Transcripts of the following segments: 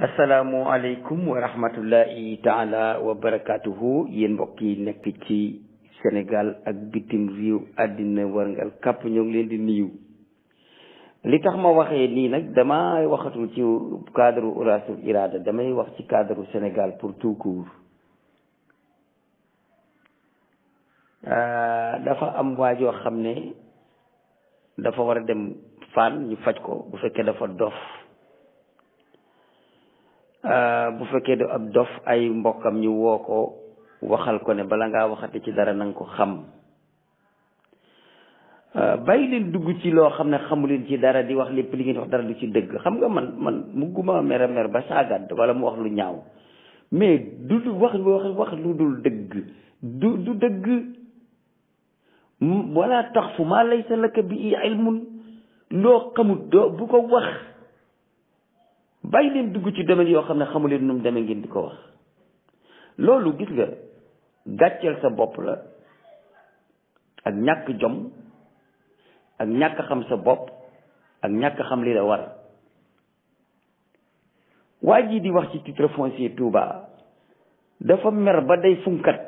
asalaamualeykum wa rahmatullahi taala wa barakaatuhu yéen mbokk yi nekk ci Sénégal ak bitim réew àddina warngal kàpp ñoo ngi leen di nuyu li tax ma waxee nii nag damay waxatu ci cadre Urasul Irada damay wax ci cadre Sénégal pour tout court euh, dafa am waajoo xam ne dafa war a dem fan ñu faj ko bu fekkee dafa dof Euh, bu fekkee du ab dof ay mbokkam ñu woo ko waxal ko ne bala ngaa waxati ci dara nanga ko xam euh, bàyyi leen dugg ci loo xam ne xamu leen ci dara di wax lépp li ngeen wax dara du ci dëgg xam nga man man mu mer a ba saagaat wala mu wax lu ñaaw mais du lu dul dëgg du du dëgg wala tax fu maa laysa laka bi ilmun loo xamut bu ko wax bàyyi leen dugg ci domaine yoo xam ne xamu leen nu mu demee di ko wax loolu gis nga gàcceel sa bopp la ak ñàkk jom ak ñàkk xam sa bopp ak ñàkk xam li la war waa jii di wax ci titre foncier Touba dafa mer ba day funkat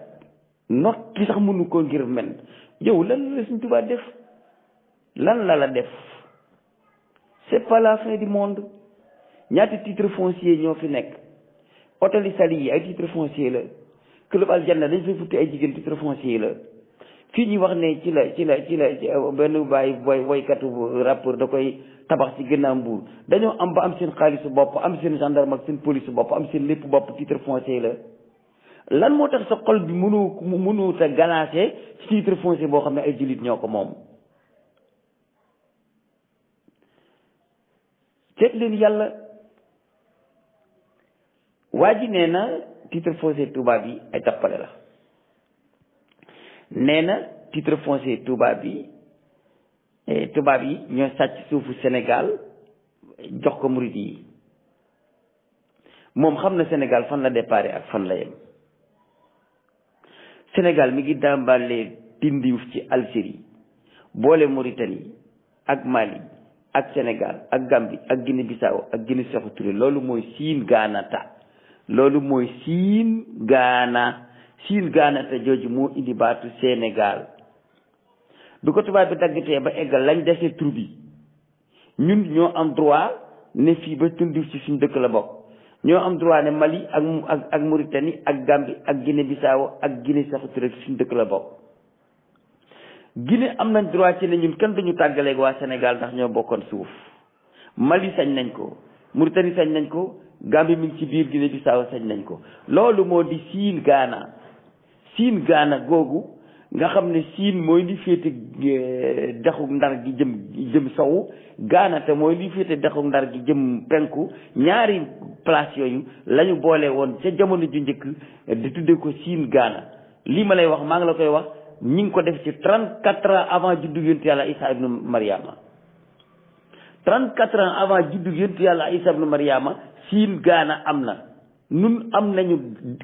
not ki sax mënu ko ngir mel yow lan la suñ Touba def lan la la def c'est pas la fin du monde ñaati titre foncier ñoo fi nekk hôtel yi sali yi ay titre foncier la club aljanna dañ fay futti ay jigéen titre foncier la fii ñu wax ne ci la ci la ci la euh, benn bàyyi boy woykatu rapport da koy tabax ci gënnaa mbuur dañoo am ba am seen xaalisu bopp am seen gendarme ak seen police bopp am seen lépp bopp titre foncier la lan moo tax sa xol bi mënu mënu ta galaase ci titre foncier boo xam ne ay jullit ñoo ko moom seet yàlla waa ji nee na titre foncier Touba bi ay tappale la nee na titre foncier Touba bi eh, tubaab yi ñoo sàcc suufu Sénégal jox ko murid yi moom xam na Sénégal fan la déparé ak fan la yem Sénégal mi ngi dàmbalee tindiw ci Algérie boole Mauritanie ak Mali ak Sénégal ak Gambie ak Guinée Bissau ak Guinée Sékou Touré loolu mooy siin gaanata loolu mooy siin gaana siin gaana te jooju moo indi baatu Sénégal du ko tubaab bi daggatee ba eggal lañ def tur bi ñun ñoo am droit ne fii ba tundu ci suñ dëkk la bokk ñoo am droit ne Mali ak ak ak Mauritanie ak Gambie ak Guinée Bissau ak Guinée Sénégal suñ dëkk la bokk. Guinée am nañ droit ci ne ñun kenn duñu tàggalee waa Sénégal ndax ñoo bokkoon suuf Mali sañ nañ ko Mauritanie sañ nañ ko. Gambie mi ngi ci biir Guinée Bissau sañ nañ ko loolu moo di siin gaana siin gaana googu nga xam ne siin mooy li féete eh, dexu ndar gi jëm jëm sow Ghana te mooy li féete dexu ndar gi jëm penku ñaari place yooyu la ñu boole woon ci jamono ju njëkk eh, di tuddee ko siin gaana lii ma lay wax maa ngi la koy wax ñi ngi ko def ci 34 ans avant juddu yonent yàlla Isaa ibnu Mariama 34 ans avant juddu yonent yàlla Isaa ibnu Mariama siin gaana am na nun am nañu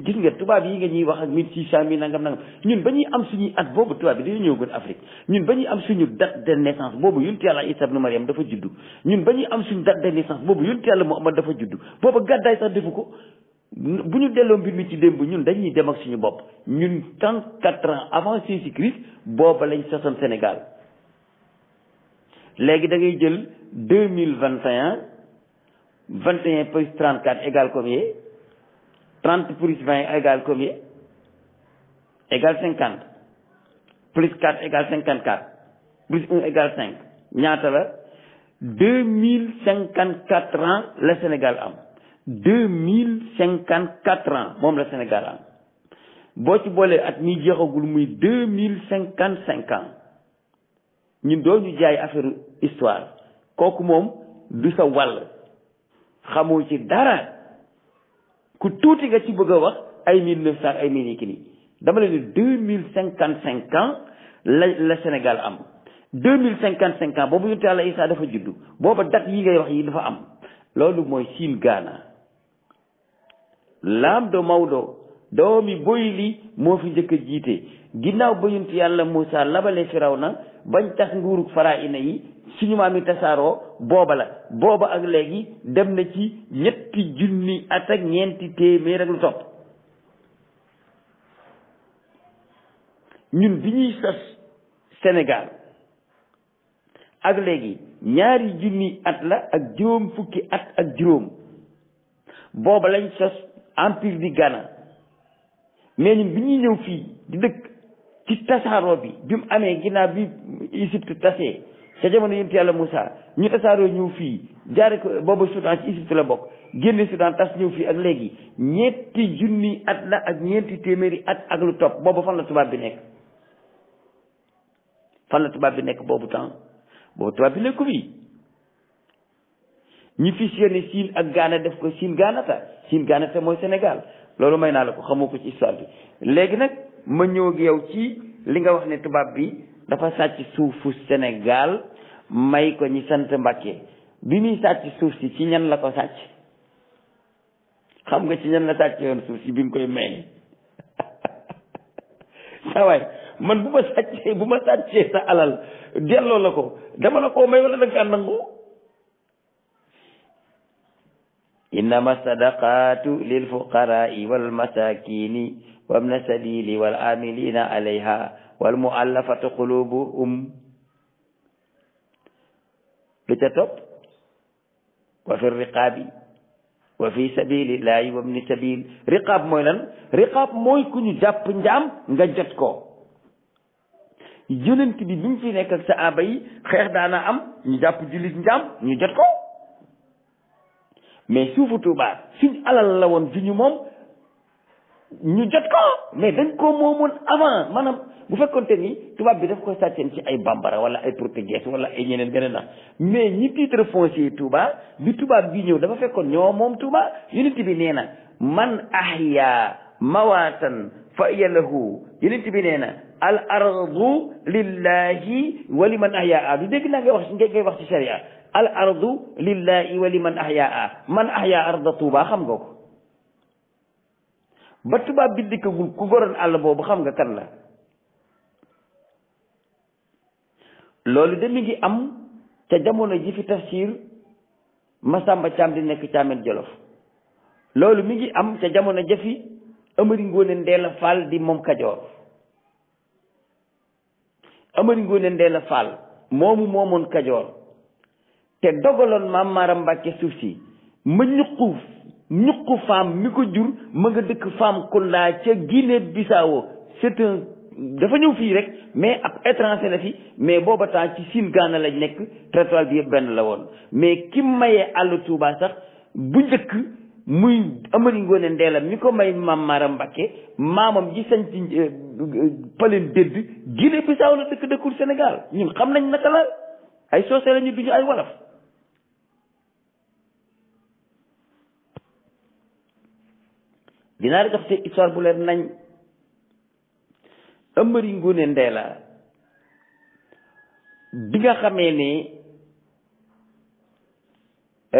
gis nga tubaab yi nga ñuy wax ak mille six cent mille nangam nangam ñun ba ñuy am suñuy at boobu tubaab bi ñëw ñëwagoon Afrique ñun ba ñuy am suñu date de naissance boobu yonent yàlla Isa ibn Maryam dafa juddu ñun ba ñuy am suñu date de naissance boobu yonent yàlla Muhammad dafa juddu booba gàddaay sax defu ko bu ñu delloo mbir mi ci démb ñun dañuy dem ak suñu bopp ñun trente quatre ans avant Jésus-Christ booba lañ sosoon Sénégal léegi da ngay jël deux mille vingt et vingt et un plus trente quatre égale combien trente plus vingt égale combien égale cinquante plus quatre égal cinquante quatre plus un égale cinq ñaata la deux mille cinquante quatre ans la Sénégal am deux mille cinquante quatre ans moom la Sénégal am boo ci boolee at mi jeexagul muy deux mille cinquante cinq ans ñun doo ñu jaay affaire histoire kooku moom du sa wàll xamoo ci dara ku tuuti nga ci bëgg a wax ay mille neuf cent ay mille dama leen ne deux cinquante cinq ans la la Sénégal am deux mille cinquante cinq boobu yonent Yàlla Isaa dafa juddu booba date yi ngay wax yi dafa am loolu mooy siin gaana laam do Maodo doomi boy li moo fi njëkk a jiite ginnaaw ba Yàlla Muusaa labale na bañ tas nguurug faraayina yi suñu maam yi tasaaroo booba la booba ak léegi dem na ci ñetti junni at ak ñeenti téeméer ak lu topp ñun bi ñuy sos Sénégal ak léegi ñaari junni at la ak juróom fukki at ak juróom booba lañ sos empire di gana mais ñun bi ñuy ñëw fii di dëkk ci tasaaroo bi bi mu amee ginnaaw bi Égypte tasee ca jamono yonent yàlla Moussa ñu tasaaroo ñëw fii jaare ko boobu Soudan ci Égypte la bokk génne Soudan tas ñëw fii ak léegi ñetti junni at la ak ñeenti téeméeri at ak lu topp boobu fan la tubaab bi nekk fan la tubaab bi nekk boobu temps boobu tubaab bi fii bi ñi fusionné Siin ak Gaana def ko Siin Gaanata Siin Gaanata mooy Sénégal loolu may naa la ko xamoo ko ci histoire bi léegi nag ma ñëw ak yow ci li nga wax ne tubaab bi dafa sàcc suufu Sénégal may ko ñi sant Mbàkke bi muy sàcc suuf si ci ñan la ko sàcc xam nga ci ñan la sàcc yoon suuf si bi mu koy may sa waay man bu ma sàccee bu ma sàccee sa alal delloo la ko dama la koo may wala da nga nangu innama sadaqatu lil fuqarai wal masakini wabna sabili wal amilina alayha wal muallafatu qulubuhum lu ca topp wa fi riqaabi wa fi sabilillahi wabni sabil riqaab mooy lan riqaab mooy ku ñu jàpp njaam nga jot ko yonent bi bi mu fi nekk ak saaba yi xeex daana am ñu jàpp jullit njaam ñu jot ko mais suufu Touba suñ alal la woon ju moom ñu jot ko mais dañ ko moomoon avant maanaam bu te ni tubaab bi daf koy sàcceen ci ay bambara wala ay portugais wala ay ñeneen gën a nax mais ñi titre foncier bi tubaab bi ñëw dafa fekkoon ñoo moom Touba yonent bi nee na man ahya mawaatan fa yalahu yonent bi nee na al ardu lillahi wali man ahya a ah, du dégg naa ngay wax ngay wax ci sharia al ardu lillahi wa liman ahyaa man ahyaa arda tuuba xam nga ko ba tubaab bi dikkagul ku goroon àll boobu xam nga kan la loolu de mi ngi am ca jamono ji fi tafsir Masamba Caam di nekk Caameen Jolof loolu mi ngi am ca jamono jafi Amari Ngoone Ndeela Faal di moom Kajoor Amari Ngoone Ndeela Faal moomu moomoon Kajoor te dogaloon maam Maaram Mbàkke suuf si ma ñuqu ñuqu faam mi ko jur ma nga dëkk faam Kolda ca Guinée Bissau c'est un dafa ñëw fii rek mais ab étranger la mais booba temps ci siin gaana lañ nekk territoire bi yëpp benn la woon mais ki mayee àll Touba sax bu njëkk muy Amari Ngoone Ndeela mi ko may maam Maaram Mbàkke maamam ji sañ ci eh, Paleen Dëdd Guinée Bissau la dëkk dëkkul Sénégal ñun xam nañ naka la ay soose lañu duñu ay wolof dinaa la jox te histoire bu leer nañ Amari Ngoone la bi nga xamee ne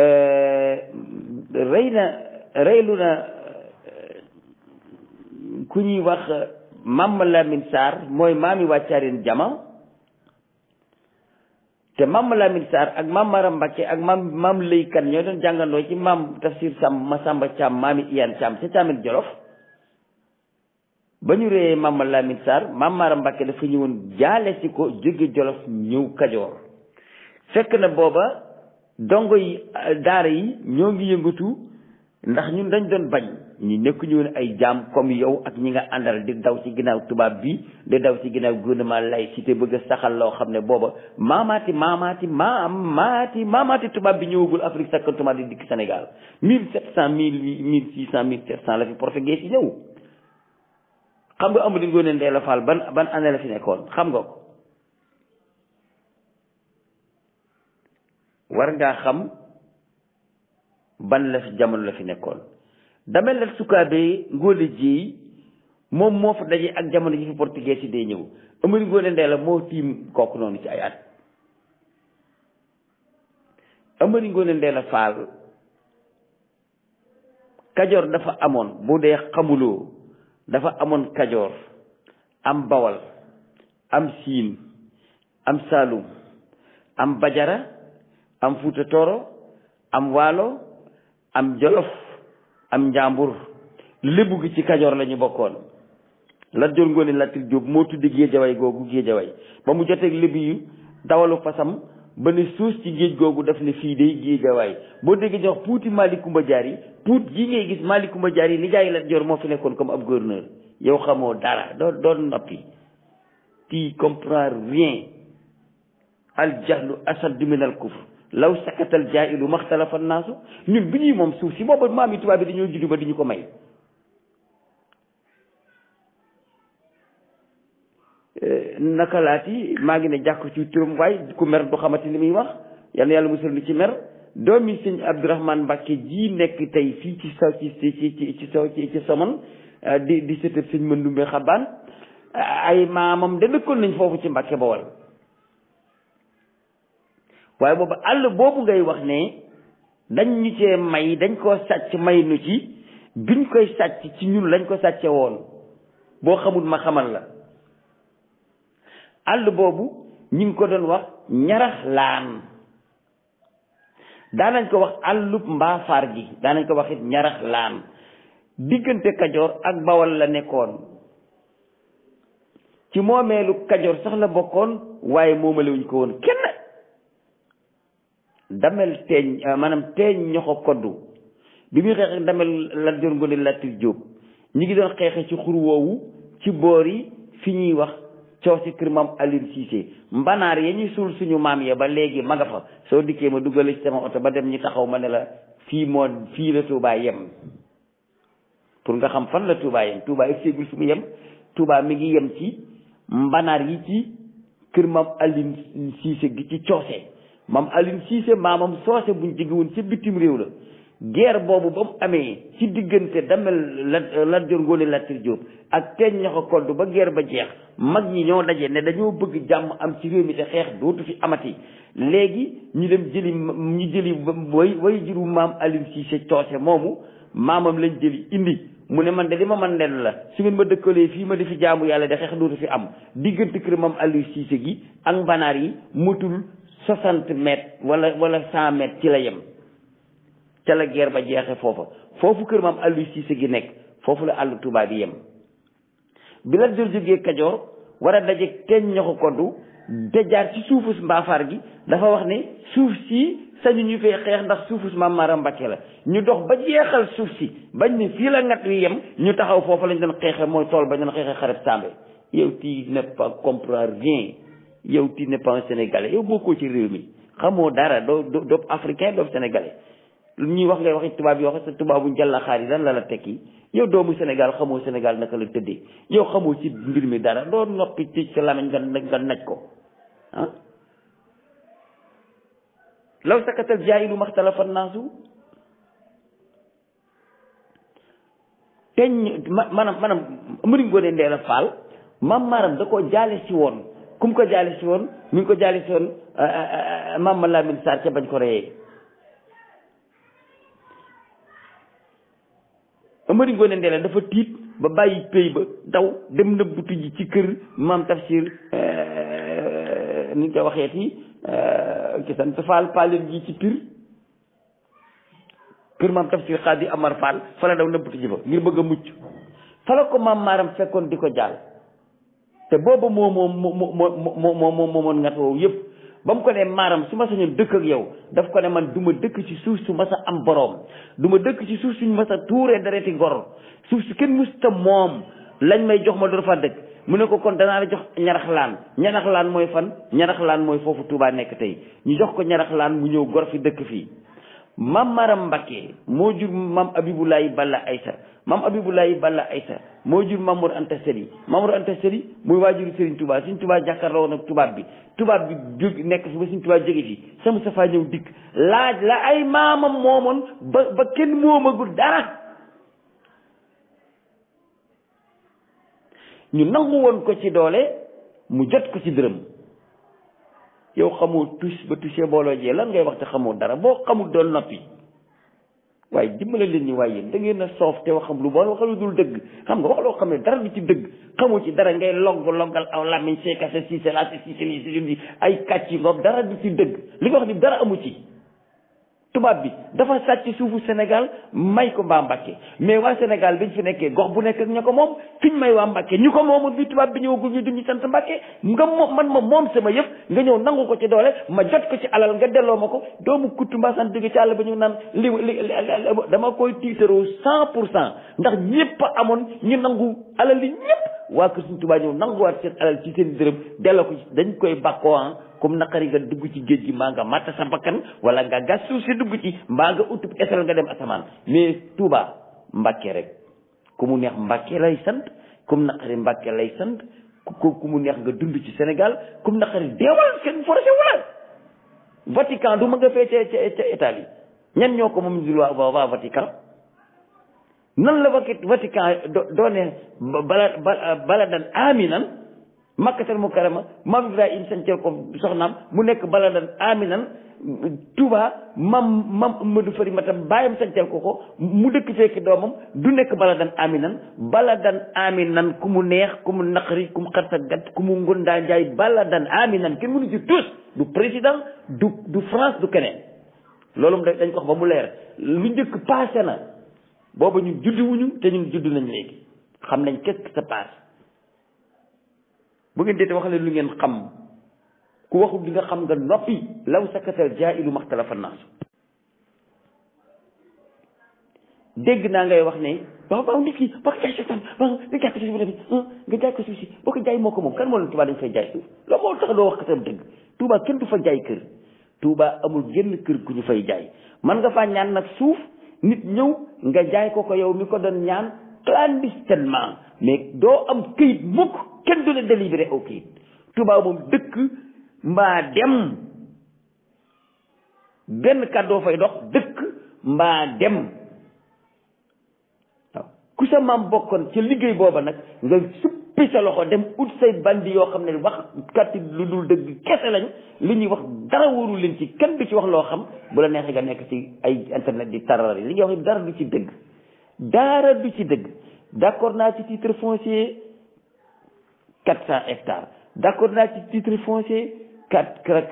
euh, rey na reylu na ku ñuy wax Mame Lamine Sarr mooy maami wàccaareen jama te maam Lamine Sarr ak maam Maram Mbacke ak maam maam Leykan ñoo doon jàngandoo ci maam Tafsir Sam Masamba Thiam maami Iyane Thiam ca Thiamène Jolof ba ñu réyee maam Lamine Sarr maam Maram Mbacke dafa ñëwoon jaale si ko jóge Jolof ñëw Kajoor fekk na booba dongo yi daara yi ñoo ngi yëngatu ndax ñun dañ doon bañ ñu nekk ñu woon ay jaam comme yow ak ñi nga àndal di daw ci ginnaaw tubaab bi di daw ci ginnaaw gouvernement laïcité bëgg saxal loo xam ne booba maamaati maamaati maamaati maamaati tubaab bi ñëwagul Afrique sakkantuma di dikk Sénégal mille sept cent mille mille six cent mille sept cent la fi ñëw xam nga amul ngoone Ndeela Faal ban ban année la fi nekkoon xam nga ko war ngaa xam ban la fi jamono la fi nekkoon Damel Sukaabe Ngóole Jéy moom moo fa daje ak jamono ji fi portugais yi day ñëw Amari Ngoone Ndeela moo tiim kooku noonu ci ay at Amari Ngoone Ndeela Faal Kajoor dafa amoon bu dee xamuloo dafa amoon Kajoor am Bawal am siim am Saalum am Bajara am Fuuta Tooro am Waalo am jolof am njàmbur lébu gi ci kajoor la bokkoon Lat Joor Ngoone Latir Jóob moo tuddi géejaway googu géejaway ba mu joteeg lébu yi dawalu pasam ba ne suus ci géej googu def ni fii day géejawaay boo déggee jox puuti Malikumba Jaar yi puut gii ngay gis Malikumba Jaar yi nijaay Lat Joor moo fi nekkoon comme ab gouverneur yow xamoo dara doo doon noppi tu comprends rien al jahlu asad du minal kufr law sakatal jaa'ilu maxtalafa naasu ñun bi ñuy moom suuf si booba maam yi tubaab bi dañoo juddu ba di ñu ko may eh, naka laati maa ngi ne jàkk ci turam waay ku mer du xamati li muy wax yal yàlla musal lu ci mer doomi sëñ Abdourahmane Mbacke ji nekk tey fii ci sa ci ci ci sa ci Somone eh, di di sëtëb sëñ Mandoumbe Xabaan eh, ay maamam de dëkkoon nañ foofu ci Mbacke Bawol waaye boobu àll boobu ngay wax ne dañ ñu cee may dañ koo sàcc may nu ci biñ koy sàcc ci ñun lañ ko sàcce woon boo xamul ma xamal la àll boobu ñu ngi ko doon wax ñarax laan daanañ ko wax àllu mbaafaar gi daanañ ko wax it ñarax diggante kajoor ak bawal la nekkoon ci moomeelu kajoor sax la bokkoon waaye moomalewuñ ko woon damel teeñ euh, maanaam teeñ ñoxo koddu bi muy xeex ak damel Lat Joor Ngoone Latir Jóob ñi ngi doon xeexe ci xur woowu ci boor yi fi ñuy wax coosi kër maam Alioune Cissé mbanaar ya ñuy suul suñu maam ya ba léegi ma soo dikkee ma duggale ci sama oto ba dem ñu taxaw ma ne la fii moo fii la Touba yem pour nga xam fan la Touba yem Touba yëg séegul yem Touba mi ngi yem ci mbanaar yi ci kër maam Alioune Cissé gi ci coose maam Alioune Cissé maamam soose bu jóge woon ci bitim réew la guerre boobu ba mu amee ci diggante damel la Lat Joor Ngoone Latir Jóob ak teen ña ko kold ba guerre ba jeex mag ñi ñoo daje ne dañoo bëgg jàmm am ci réew mi te xeex dootu fi amati léegi ñu dem jëli ñu jëli way way juru maam Alioune Cissé coose moomu maamam lañ jëli indi mu ne man de li ma man lenn la su ngeen ma dëkkalee fii ma di fi jaamu yàlla de xeex dootu fi am diggante kër maam Alioune Cissé gi ak mbanaar soixante mètres wala wala cent mètres ci la yem ca la guerre ba jeexe foofa foofu kër maam Aliou Cissé gi nekk foofu la àll tubaab bi yem bi la jor jógee Kajoor war a daje kenn ña koddu te jaar ci suufus mbaafaar gi dafa wax ni suuf si sañu ñu fee xeex ndax suufus maam Maaram Mbakke la ñu dox ba jeexal suuf si bañ ni fii la ngat wi yem ñu taxaw foofu lañ doon xeexee mooy tool ba ñu doon xeexe xarab Sambe yow tii ne pas comprendre rien yow tu n'es pas un yow bokkoo ci réew mi xamoo dara doo doo africain doo sénégalais ñuy wax ngay waxi tubaab yi wax sa tubaabu njalla yi lan la la tekki yow doomu Sénégal xamoo Sénégal naka la tëddee yow xamoo ci mbir mi dara doo noppi ci sa lamañ nga nga naj ko ah law sakatal jaayi lu maxtalafa naasu teñ maanaam maanaam mëriñ gone ndee la faal mam maaram da koo jaale si woon ku mu ko jaalisi woon mi ngi ko jaalisi woon Mame Lamine Sarr ca bañ ko reyee Amari Ngoone Ndeela dafa tiit ba bàyyi pay ba daw dem nëbbutu ji ci kër Mame Tafsir e, ni ñu koy waxee ti e, ki sant Faal paaleen ji ci pir kër Mame Tafsir Xaadi Amar Faal fa daw nëbbutu ji fa ngir bëgg a mucc fa ko maam maaram fekkoon di ko jaal te booba moo moom moo moo moo moomoon ngat woowu yëpp ba mu ko ne maaram su ma sañoon dëkk ak yow daf ko ne man du ma dëkk ci suuf su mas a am boroom du ma dëkk ci suuf suñu mas a tuuree dareti gor suuf su kenn mus ta moom lañ may jox ma doo fa dëkk mu ne ko kon danaa la jox ñaraxlaan ñaraxlaan mooy fan ñaraxlaan mooy foofu Touba nekk tey ñu jox ko ñaraxlaan mu ñëw gor fi dëkk fii maam Maram Mbakke moo jur maam Abibulaay Balla ay Aysa mam Abibulaay Balla Aysa moo jur Mamour Anta Sali Mamour Anta Sali muy waajuru Serigne Touba Serigne Touba jàkkaarloo woon ak tubaab bi tubaab bi jóg nekk fi ba Serigne Touba jóge fi sama safaa ñëw dikk laaj la ay maamam moomoon ba ba kenn moomagul dara ñu nangu woon ko ci doole mu jot ko ci dërëm yow xamoo tus ba tusee booloo jee lan ngay wax te xamoo dara boo xamul doon noppi waaye dimbale leen ni waaye yéen da ngeen a soof te wax waxam lu bon waxal lu dul dëgg xam nga wax loo xam ne dara du ci dëgg xamoo ci dara ngay logg loggal aw làmmiñ seekase siise laase siise di ay kàcc yi dara du ci dëgg li nga wax ni dara amu ci tubaab bi dafa sàcc suufu Sénégal may ko mbaa Mbàkke mais waa Sénégal biñ fi nekkee gox bu nekk ak ña ko moom fiñ may waa Mbàkke ñu ko moomu bi tubaab bi ñëwagul ñu duñu sant Mbàkke nga moom man ma moom sama yëf nga ñëw nangu ko ci doole ma jot ko ci alal nga delloo ma ko doomu kuttu mbaa sant dugg ci àll ba ñu naan li li dama koy tiitaroo cent pour cent ndax ñëpp a amoon ñu nangu alal yi ñëpp waa kër suñ tubaab ñëw nanguwaat seen alal ci seen dërëm delloo ko dañ koy bàkkoo ah. comme naqari nga dugg ci géej gi mbaa nga matt sa bakkan wala nga gas si dugg ci mbaa nga utub esal nga dem asamaan mais Touba Mbàkke rek ku mu neex Mbàkke lay sant comme naqari Mbàkke lay sant ku ci Sénégal comme naqari deewal kenn forcé wala Vatican du nga fee ca Italie ñan ñoo ko moom dul waa waa Vatican nan la Vatican doone bala bala dan aaminan makkatal mukarrama maam ibrahim sañcal ko soxnaam mu nekk baladan aminan tuba mam mam Amadou Farimatam baayam sañcal ko ko mu dëkk fekk doomam du nekk baladan aminan baladan aminan ku mu neex ku mu naqari ku mu xarta gat ku mu ngundaa njaay baladan aminan kenn mënu ci tous du président du du France du keneen loolu dañ ko ba mu leer lu njëkk na booba ñu juddu te ñun juddu nañ xam nañ qu'est-ce qui bu ngeen deete wax leen lu ngeen xam ku waxul li nga xam nga noppi law sakatal jaa'ilu maxtalafa naas dégg naa ngay wax ne waaw waaw nit ki boo ko jaay seetaan waaw nga jaay ko suuf bi ah, nga jaay ko suuf si boo ko jaay fa jaay kër Touba amul génn kër gu ñu fay jaay man nga faa nag suuf nit ñëw nga jaay ko ko yow mi ko doon ñaan clandestinement mais doo am këyit mukk kenn du la délibéré aw këyit Touba moom dëkk mbaa dem benn kàddoo fay dox dëkk mbaa dem waaw ku sa maam bokkoon ci liggéey booba nag nga suppi sa loxo dem ut say bandi yoo xam ne wax kàtti lu dul dëgg kese lañ li ñuy wax dara wóorul leen ci kenn bi ci wax loo xam bu la neexee nga nekk ci ay internet di tarar yi li ngay wax dara du ci dëgg daara bi ci dëgg d'accord naa ci titre foncier quatre cent hectares d'accord naa ci titre foncier quatre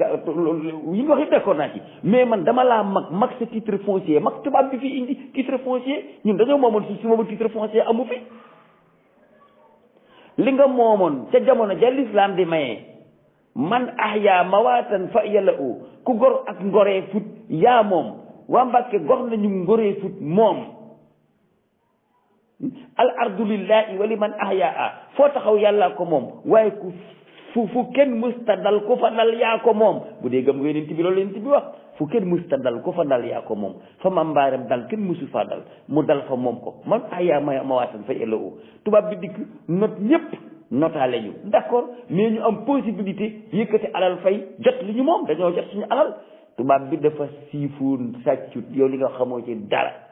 yi nga wax yëpp d'accord naa ci mais man dama laa mag mag sa titre foncier mag tubaab bi fi indi titre foncier ñun dañoo moomoon suuf si moomu titre foncier amu fi li nga moomoon ca jamono ja lislaam di maye man ahyaa mawaatan fa yàlla u ku gor ak ngoree fut yaa moom waa Mbàkke gor nañu ngoree fut moom al ardu lillahi man liman ahyaa foo taxaw yàllaa ko moom waaye ku fu fu kenn musta dal ku fa dal yaa ko moom bu dee gëm nga yonent bi loolu yonent bi wax fu kenn musta dal ku fa dal yaa ko moom fa ma mbaaram dal kenn musu faa dal mu dal fa moom ko man ahyaa ma ma waatan fa elo tubaab bi dikk not ñépp notaale ñu d'accord mais ñu am possibilité yëkkati alal fay jot li ñu moom dañoo jot suñu alal tubaab bi dafa siifu sàccut yow li nga xamoo ci dara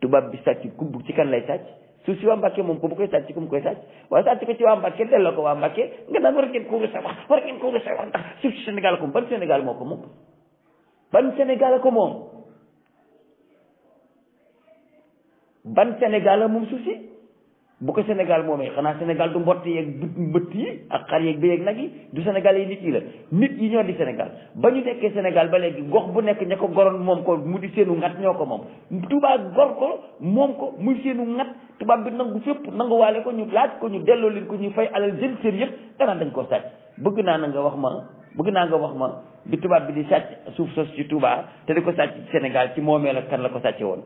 tubaab bi sàcc ku ci kan lay sàcc suuf si waa Mbàkke moom ko bu koy sàcc ku mu koy sàcc waaye sàcc ko ci waa Mbàkke delloo ko waa Mbàkke nga daan war a ngeen kooga sa wax war a ngeen kooga sa wax ndax suuf si Sénégal ko ban Sénégal moo ko moom ban Sénégal ko moom ban Sénégal moom suuf si bu ko Sénégal moomee xanaa Sénégal du mbott yeeg mbëtt yi ak xar yeeg béyeeg nag yi du Sénégal yi nit yi la nit yi ñoo di Sénégal ba ñu nekkee Sénégal ba léegi gox bu nekk ña ko goroon moom ko mu di seenu ngat ñoo ko moom tubaab gor ko moom ko muy seenu ngat tubaab bi nangu fépp nanguwaale ko ñu laaj ko ñu delloo leen ko ñu fay alal jël seen yëpp danaan dañ koo sàcc bëgg naa na nga wax ma bëgg naa nga wax ma bi tubaab bi di sàcc suuf sos ci Touba te di ko sàcc ci Sénégal ci moomee la la ko sàcce woon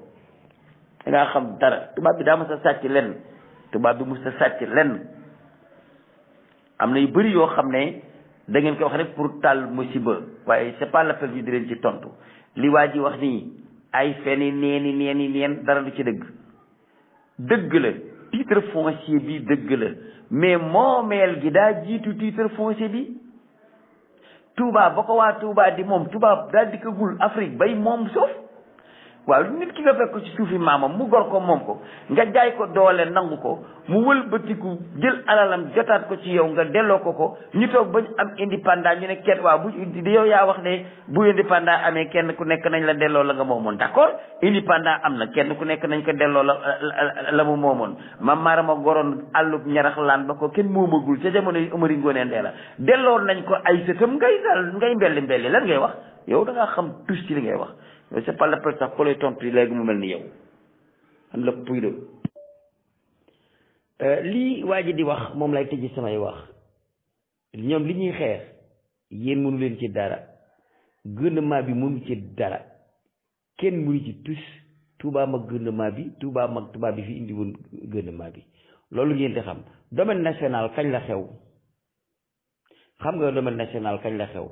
dangaa xam dara tubaab bi daa ma sa sàcc lenn tubaab bi mu a sàcc lenn am na yu bëri yoo xam ne da ngeen koy wax rek pour tàll taal musiba waaye c'est pas la peine ñu di ci tontu li waa ji wax nii ay feni neeni neeni neen dara du ci dëgg dëgg la titre foncier bi dëgg la mais moomeel gi daa jiitu titre foncier bi Touba ba ko waa Touba di moom Touba daal di Afrique bay moom suuf waaw nit ki nga fekk ci suufi maamam mu gor ko moom ko nga jaay ko doole nangu ko mu wël wëlbatiku jël alalam jotaat ko ci yow nga delloo ko ko ñu toog bañ am indépendant ñu ne kenn waaw bu yow yaa wax ne bu indépendant amee kenn ku nekk nañ la delloo la nga moomoon d'accord indépendant am na kenn ku nekk nañ ko delloo la la mu moomoon mam maarama goroon àllub ñarax laan ba ko kenn moomagul ca jamono yi Omari Ngoone la delloo nañ ko ay sëtam ngay daal ngay mbelli mbelli lan ngay wax yow da ngaa xam tus ci li ngay wax mais c'est pas la léegi mu ni yow lii waa ji di wax moom lay tëj wax ñoom li ñuy xeex yéen mënu leen ci dara gouvernement bi mënu ci dara kenn mënu ci tus tubaab mag gouvernement bi tubaab mag tubaab bi fi indi woon gouvernement bi loolu ngeen di xam domaine national kañ la xew xam nga domaine national kañ la xew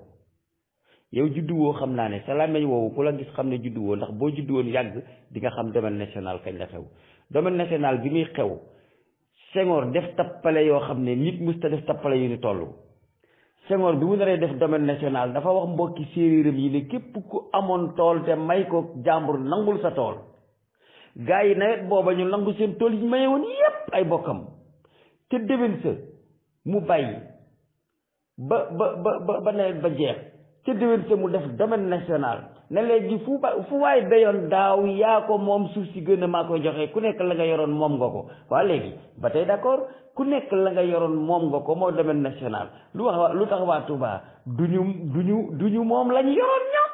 yow juddu woo xam naa ne sa làmmeñ woowu ku la gis xam ne juddu woo ndax boo juddu woon yàgg di nga xam domaine national kañ la xew domaine national bi muy xew Senghor def tappale yoo xam ne nit mus ta def tappale yu ni toll Senghor bi mu naree def domaine national dafa wax mbokki séeréeram yi ne képp ku amoon tool te may ko jàmbur nangul sa tool gaa yi nawet booba ñu nangu seen tool yi maye woon yépp ay bokkam te déwén sa mu bàyyi ba ba ba ba nawet ca déwén sa mu def domaine national ne léegi fu ba fu waay dayoon daaw yaa ko moom suuf si gën a maa koy joxe ku nekk la nga yoroon moom nga ko waa léegi ba tey ku nekk la nga yoroon moom nga ko moo domaine national lu wax lu tax waa Touba du ñu du ñu du ñu moom lañ yoroon ñoom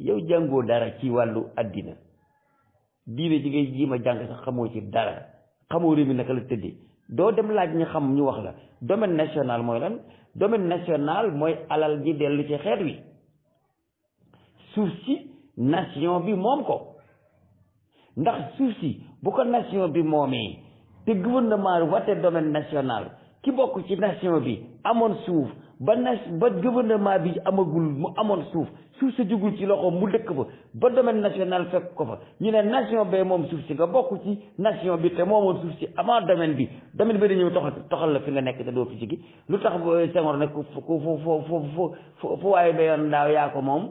yow jàngoo dara ci wàllu àddina diine ji ngay jiima jàng sax xamoo ci dara xamoo réew mi naka la tëddee doo dem laaj ñu xam ñu wax la domaine national mooy lan domaine national mooy alal ji dellu ci xeet wi suuf si nation bi moom ko ndax suuf si bu ko nation bi moomee te gouvernement wate domaine national ki bokk ci nation bi amoon suuf ba nas ba gouvernement bi amagul mu amoon suuf suuf sa jugul ci loxo mu dëkk fa ba domaine national fekk ko fa ñu ne nation bee moom suuf si nga bokk ci nation bi te moomoon suuf si amaa domaine bi domaine bi dañëw toxal toxal la fi nga nekk te doo fi jigi lu tax Senghor ne ku fu fu fu fu fu waaye béyoon daaw yaa ko moom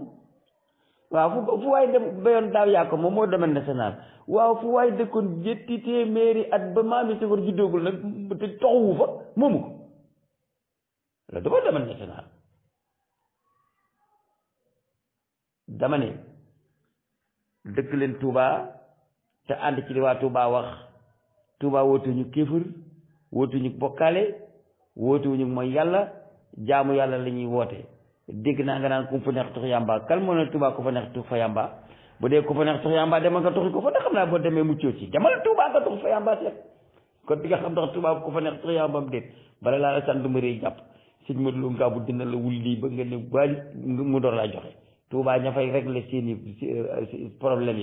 waaw fu fu waaye dem béyoon daaw yaa ko moom mooy domaine national waaw fu waaye dëkkoon jëtti téeméeri at ba maami Senghor juddoogul nag te toxuwu la dama ne dëkk leen tuuba te ànd ci li waa Touba wax Touba wootuñu kéefër wootuñu bokkaale wootuñu mooy yàlla jaamu yàlla la ñuy woote dégg naa nga naan ku fa neex tux yàmba kal moo ne Touba ku fa neex tux fa yàmba bu dee ku fa neex tux yàmba demal nga tuxi ko fa da xam naa boo demee muccoo ci demal Touba nga tux fa yàmba seet kon di nga xam ndax Touba ku fa neex tux yàmbaam déet bala laa la sant du ma jàpp sëñ Modou Lo Ngabou dina la wul lii ba nga ne waali mu door laa joxe Touba ña fay régler seen i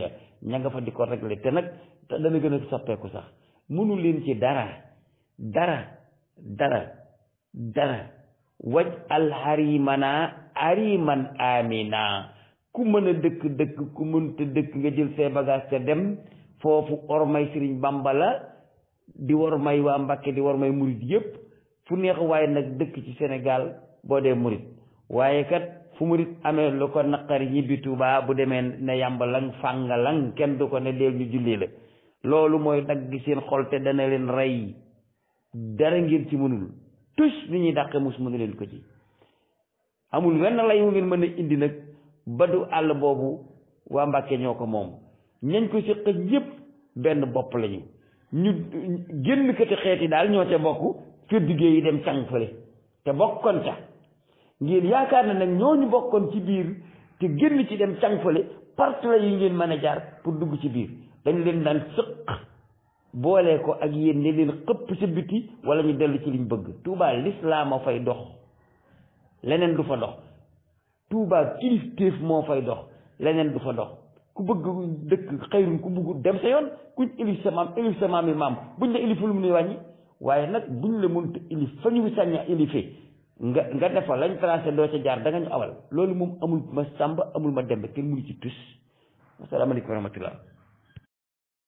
ya ña nga fa di ko régler te nag te dana gën a soppeeku sax mënu leen ci dara dara dara dara waj alxarimana ariman amina ku mën a dëkk dëkk ku mënta dëkk nga jël say bagage te dem foofu ormay Sëriñ Bamba la di war may waa Mbàkke di war may murit yépp fu neex waaye nag dëkk ci Sénégal boo dee murit waaye kat fu murit amee lu ko naqari ñibbi Tuubaa bu demee ne yàmbalang fàngalang kenn du ko ne deel ñu julli la loolu mooy dagg seen xol te dana leen rey dara ngeen ci mënul tus li ñuy dàqe mus mënu leen ko ci amul wenn lay wu ngeen mën a indi nag ba du àll boobu waa Mbàkke ñoo ko moom ñañ ko séq ñëpp benn bopp lañu ñu génn këti xeeti daal ñoo ca bokk ci duggee yi dem càng fële te bokkoon ngeen yaakaar na nag ñu bokkoon ci biir te génn ci dem càng fële parte la yi ngeen mën a jaar pour dugg ci biir dañu leen daan sëq boole ko ak yéen ne leen xëpp ci biti wala ñu dellu ci liñ bëgg Touba lislaam a fay dox leneen du fa dox Touba kilifteef moo fay dox leneen du fa dox ku bëgg dëkk xëyrum ku bëgg dem sa yoon kuñ ilif sa maam ilif sa maam yi maam buñ la iliful mu nuy wàññi waaye nag buñ la mënut ilif fa ñu sañ a ilifee nga nga defa lañ tracé doo ca jaar da nga ñu awal loolu moom amul ma sàmba amul ma dembe kenn mënu ci tus asalaamaaleykum wa rahmatullah